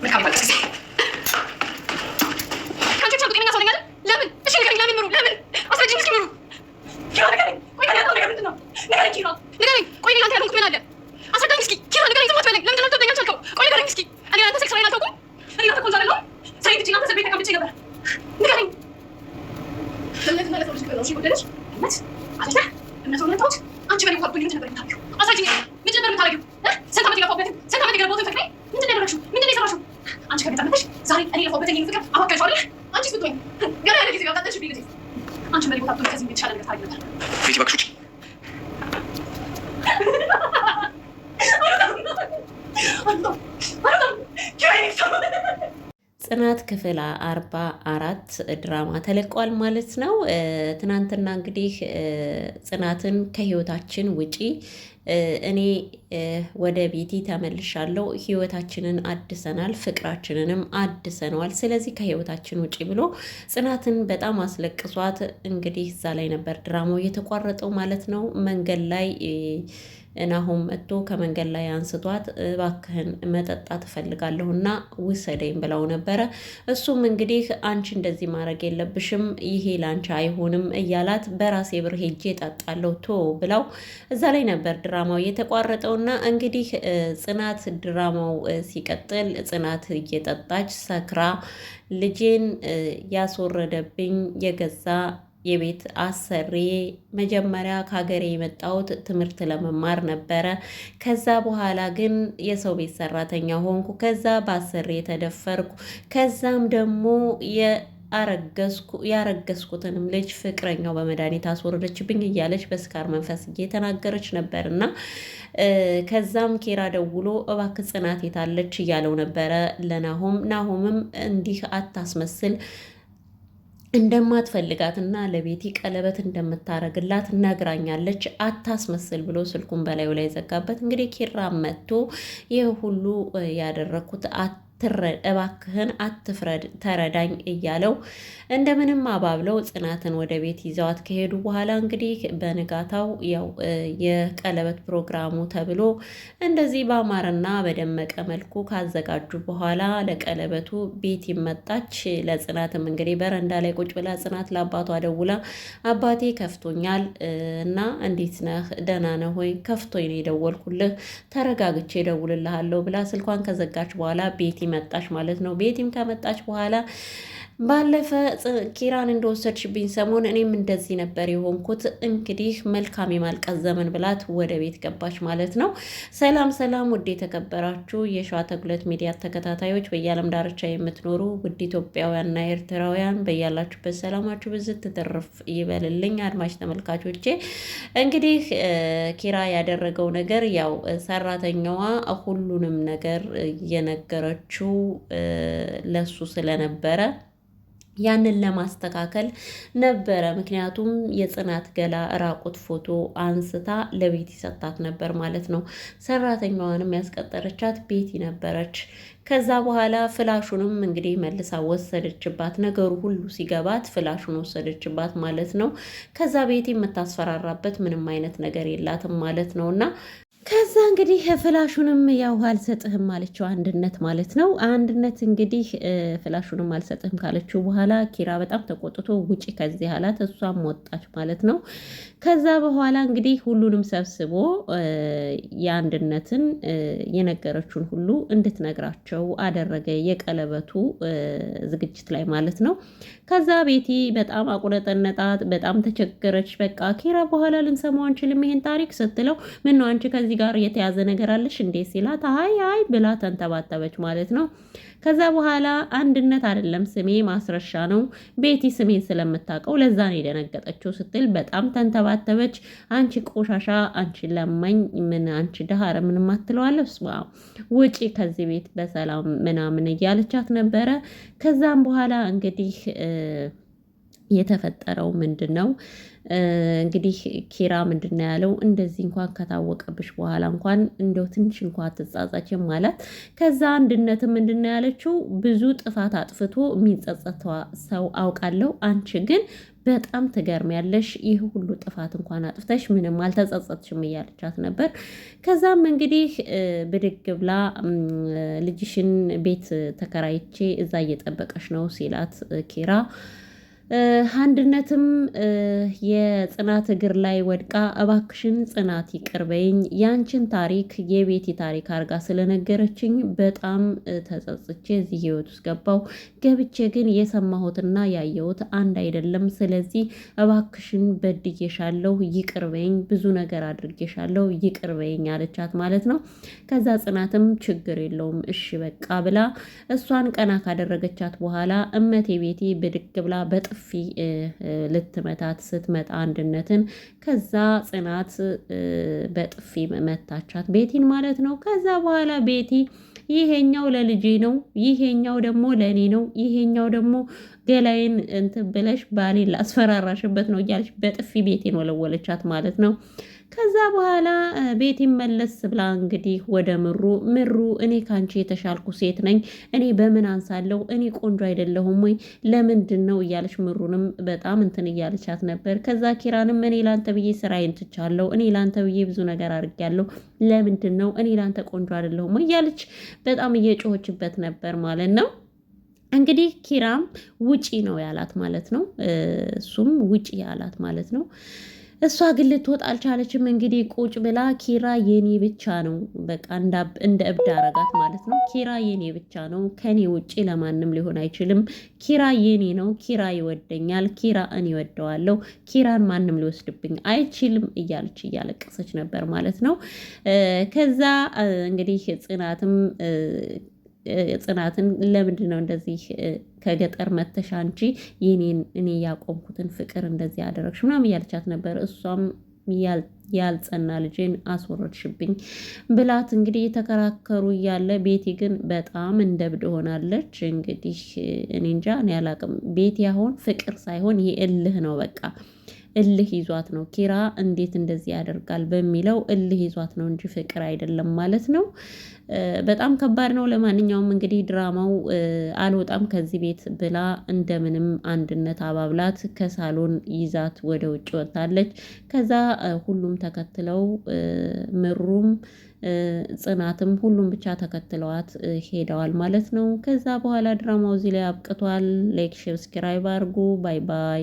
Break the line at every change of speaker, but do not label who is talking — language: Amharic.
你看吧。ጽናት
ክፍል አርባ አራት ድራማ ተለቋል ማለት ነው። ትናንትና እንግዲህ ጽናትን ከህይወታችን ውጪ እኔ ወደ ቤቲ ተመልሻለሁ። ህይወታችንን አድሰናል፣ ፍቅራችንንም አድሰነዋል። ስለዚህ ከህይወታችን ውጪ ብሎ ጽናትን በጣም አስለቅሷት። እንግዲህ እዛ ላይ ነበር ድራማው የተቋረጠው ማለት ነው መንገድ ላይ እናሁም መጥቶ ከመንገድ ላይ አንስቷት እባክህን መጠጣት እና ውሰደኝ ብለው ነበረ። እሱም እንግዲህ አንቺ እንደዚህ ማድረግ የለብሽም ይሄ ላንቺ አይሆንም እያላት በራሴ ብር ሄጄ እጠጣለሁ ቶ ብለው እዛ ላይ ነበር ድራማው የተቋረጠውና እንግዲህ ጽናት ድራማው ሲቀጥል ጽናት እየጠጣች ሰክራ ልጄን ያስወረደብኝ የገዛ የቤት አሰሪ መጀመሪያ ከሀገሬ የመጣሁት ትምህርት ለመማር ነበረ። ከዛ በኋላ ግን የሰው ቤት ሰራተኛ ሆንኩ። ከዛ በአሰሪ የተደፈርኩ ከዛም ደግሞ ያረገዝኩትንም ልጅ ፍቅረኛው በመድኃኒት አስወረደችብኝ እያለች በስካር መንፈስ እየተናገረች ነበር እና ከዛም ኬራ ደውሎ እባክህ ጽናት የታለች እያለው ነበረ ለናሆም። ናሆምም እንዲህ አታስመስል እንደማትፈልጋትና ለቤቲ ቀለበት እንደምታረግላት ነግራኛለች፣ አታስመስል ብሎ ስልኩን በላዩ ላይ ዘጋበት። እንግዲህ ኪራ መጥቶ ይህ ሁሉ ያደረግኩት እባክህን አትፍረድ ተረዳኝ እያለው እንደምንም አባብለው ጽናትን ወደ ቤት ይዘዋት ከሄዱ በኋላ እንግዲህ በንጋታው ያው የቀለበት ፕሮግራሙ ተብሎ እንደዚህ በአማረና በደመቀ መልኩ ካዘጋጁ በኋላ ለቀለበቱ ቤት ይመጣች። ለጽናትም እንግዲህ በረንዳ ላይ ቁጭ ብላ ጽናት ለአባቷ ደውላ አባቴ ከፍቶኛል እና እንዴት ነህ? ደህና ነህ ወይ? ከፍቶኝ ነው የደወልኩልህ ተረጋግቼ ደውልልሃለሁ ብላ ስልኳን ከዘጋች በኋላ ቤት መጣች ማለት ነው። ቤቲም ከመጣች በኋላ ባለፈ ኪራን እንደወሰድሽብኝ ሰሞን እኔም እንደዚህ ነበር የሆንኩት። እንግዲህ መልካም የማልቀስ ዘመን ብላት ወደ ቤት ገባች ማለት ነው። ሰላም ሰላም፣ ውድ የተከበራችሁ የሸዋ ተጉለት ሚዲያ ተከታታዮች በየዓለም ዳርቻ የምትኖሩ ውድ ኢትዮጵያውያንና ኤርትራውያን በያላችሁበት ሰላማችሁ ብዝት ትርፍ ይበልልኝ። አድማጭ ተመልካቾቼ እንግዲህ ኪራ ያደረገው ነገር ያው ሰራተኛዋ ሁሉንም ነገር እየነገረችው ለሱ ስለነበረ ያንን ለማስተካከል ነበረ። ምክንያቱም የጽናት ገላ ራቁት ፎቶ አንስታ ለቤቲ ሰጣት ነበር ማለት ነው። ሰራተኛዋንም ያስቀጠረቻት ቤቲ ነበረች። ከዛ በኋላ ፍላሹንም እንግዲህ መልሳ ወሰደችባት። ነገሩ ሁሉ ሲገባት ፍላሹን ወሰደችባት ማለት ነው። ከዛ ቤቲ የምታስፈራራበት ምንም አይነት ነገር የላትም ማለት ነው እና ከዛ እንግዲህ ፍላሹንም ያው አልሰጥህም አለችው አንድነት ማለት ነው። አንድነት እንግዲህ ፍላሹንም አልሰጥህም ካለችው በኋላ ኪራ በጣም ተቆጥቶ ውጪ ከዚህ አላት። እሷም ወጣች ማለት ነው። ከዛ በኋላ እንግዲህ ሁሉንም ሰብስቦ የአንድነትን የነገረችውን ሁሉ እንድትነግራቸው አደረገ፣ የቀለበቱ ዝግጅት ላይ ማለት ነው። ከዛ ቤቲ በጣም አቁነጠነጣት፣ በጣም ተቸገረች። በቃ ኪራ በኋላ ልንሰማው አንችልም ይሄን ታሪክ ስትለው ምን ነው አንቺ ከዚህ ጋር የተያዘ ነገር አለሽ እንዴ ሲላት አይ አይ ብላ ተንተባተበች ማለት ነው። ከዛ በኋላ አንድነት አይደለም ስሜ ማስረሻ ነው ቤቲ ስሜን ስለምታውቀው ለዛ ነው የደነገጠችው ስትል በጣም ተንተባተበች። አንቺ ቆሻሻ፣ አንቺ ለማኝ፣ ምን አንቺ ደሃረ ምን ማትለዋለሁ ውጪ ከዚህ ቤት በሰላም ምናምን እያለቻት ነበረ። ከዛም በኋላ እንግዲህ የተፈጠረው ምንድን ነው? እንግዲህ ኪራ ምንድን ነው ያለው? እንደዚህ እንኳን ከታወቀብሽ በኋላ እንኳን እንደው ትንሽ እንኳን አትጻጻችም ማለት። ከዛ አንድነት ምንድን ነው ያለችው? ብዙ ጥፋት አጥፍቶ የሚጸጸቷ ሰው አውቃለሁ፣ አንቺ ግን በጣም ትገርሚያለሽ። ይህ ሁሉ ጥፋት እንኳን አጥፍተሽ ምንም አልተጸጸትሽም እያለቻት ነበር። ከዛም እንግዲህ ብድግ ብላ ልጅሽን ቤት ተከራይቼ እዛ እየጠበቀሽ ነው ሲላት ኪራ አንድነትም የጽናት እግር ላይ ወድቃ እባክሽን ጽናት ይቅርበኝ ያንቺን ታሪክ የቤቲ ታሪክ አድርጋ ስለነገረችኝ በጣም ተጸጽቼ እዚህ ህይወት ውስጥ ገባው። ገብቼ ግን የሰማሁትና ያየሁት አንድ አይደለም። ስለዚህ እባክሽን በድዬሻለሁ፣ ይቅርበኝ፣ ብዙ ነገር አድርጌሻለሁ፣ ይቅርበኝ አለቻት ማለት ነው። ከዛ ጽናትም ችግር የለውም እሺ በቃ ብላ እሷን ቀና ካደረገቻት በኋላ እመቴ ቤቴ ብድግ ብላ በጥፍ በጥፊ ልትመታት ስትመጣ አንድነትን ከዛ ጽናት በጥፊ መታቻት ቤቲን ማለት ነው። ከዛ በኋላ ቤቲ ይሄኛው ለልጄ ነው፣ ይሄኛው ደግሞ ለእኔ ነው፣ ይሄኛው ደግሞ ገላይን እንትን ብለሽ ባሌን ላስፈራራሽበት ነው እያለች በጥፊ ቤቴን ወለወለቻት ማለት ነው። ከዛ በኋላ ቤት መለስ ብላ እንግዲህ ወደ ምሩ ምሩ እኔ ካንቺ የተሻልኩ ሴት ነኝ፣ እኔ በምን አንሳለሁ? እኔ ቆንጆ አይደለሁም ወይ? ለምንድን ነው እያለች ምሩንም በጣም እንትን እያለቻት ነበር። ከዛ ኪራንም እኔ ላንተ ብዬ ስራዬን ትቻለሁ፣ እኔ ላንተ ብዬ ብዙ ነገር አድርጌያለሁ፣ ለምንድን ነው እኔ ላንተ ቆንጆ አይደለሁም ወይ? እያለች በጣም እየጮኸችበት ነበር ማለት ነው። እንግዲህ ኪራም ውጪ ነው ያላት ማለት ነው። እሱም ውጪ ያላት ማለት ነው። እሷ ግን ልትወጥ አልቻለችም። እንግዲህ ቁጭ ብላ ኪራ የኔ ብቻ ነው በቃ እንደ እብድ አረጋት ማለት ነው። ኪራ የኔ ብቻ ነው፣ ከኔ ውጪ ለማንም ሊሆን አይችልም። ኪራ የኔ ነው፣ ኪራ ይወደኛል፣ ኪራ እኔ ይወደዋለሁ፣ ኪራን ማንም ሊወስድብኝ አይችልም እያለች እያለቀሰች ነበር ማለት ነው። ከዛ እንግዲህ ጽናትም ጽናትን ለምንድን ነው እንደዚህ ከገጠር መተሽ አንቺ የኔን እኔ ያቆምኩትን ፍቅር እንደዚህ አደረግሽ ምናምን እያለቻት ነበር። እሷም ያልጸና ልጄን አስወረድሽብኝ ብላት እንግዲህ የተከራከሩ እያለ ቤቲ ግን በጣም እንደብድ ሆናለች። እንግዲህ እኔ እንጃ እኔ አላቅም። ቤቲ አሁን ፍቅር ሳይሆን ይህ እልህ ነው በቃ እልህ ይዟት ነው። ኪራ እንዴት እንደዚህ ያደርጋል በሚለው እልህ ይዟት ነው እንጂ ፍቅር አይደለም ማለት ነው። በጣም ከባድ ነው። ለማንኛውም እንግዲህ ድራማው አልወጣም ከዚህ ቤት ብላ እንደምንም አንድነት አባብላት ከሳሎን ይዛት ወደ ውጭ ወጥታለች። ከዛ ሁሉም ተከትለው ምሩም ጽናትም ሁሉም ብቻ ተከትለዋት ሄደዋል ማለት ነው። ከዛ በኋላ ድራማው እዚህ ላይ አብቅቷል። ላይክ፣ ሰብስክራይብ ባይ ባይ።